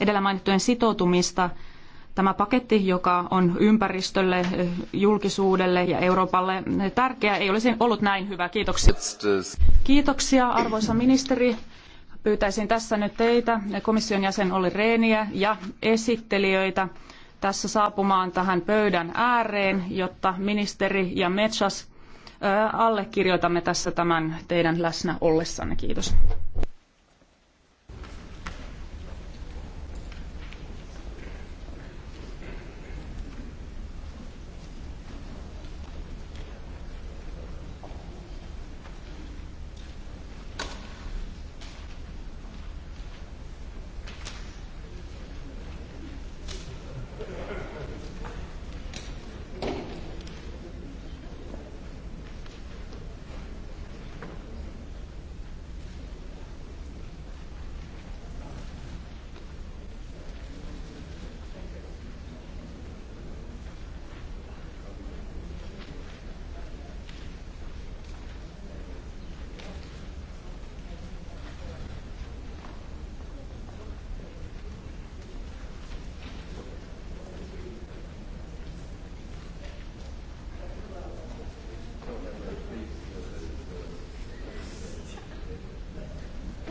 edellä mainittujen sitoutumista tämä paketti, joka on ympäristölle, julkisuudelle ja Euroopalle tärkeä, ei olisi ollut näin hyvä. Kiitoksia. Kiitoksia arvoisa ministeri. Pyytäisin tässä nyt teitä, komission jäsen Olli Reeniä ja esittelijöitä tässä saapumaan tähän pöydän ääreen, jotta ministeri ja Metsas allekirjoitamme tässä tämän teidän läsnä ollessanne. Kiitos.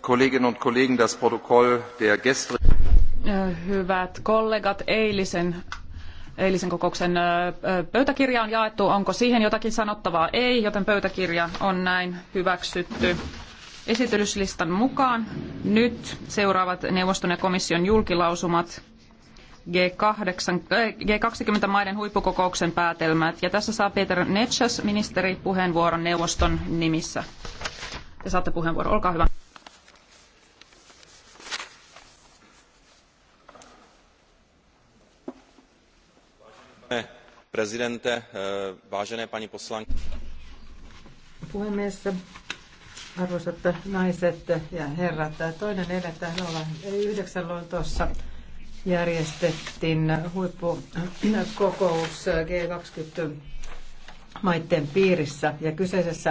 Kolleginnen und Kollegen, das Protokoll der gestrigen... Hyvät kollegat, eilisen eilisen kokouksen pöytäkirja on jaettu. Onko siihen jotakin sanottavaa? Ei, joten pöytäkirja on näin hyväksytty. Esityslistan mukaan nyt seuraavat neuvoston ja komission julkilausumat G8, G20-maiden huippukokouksen päätelmät. Ja tässä saa Peter Netschäs, ministeri, puheenvuoron neuvoston nimissä. Te saatte puheenvuoron. Olkaa hyvä. prezidente eh, vážené paní poslankyně puhemies arvoisat naiset ja herrat toinen neljättä yhdeksän lontoossa järjestettiin huippukokous G20 maiden piirissä ja kyseisessä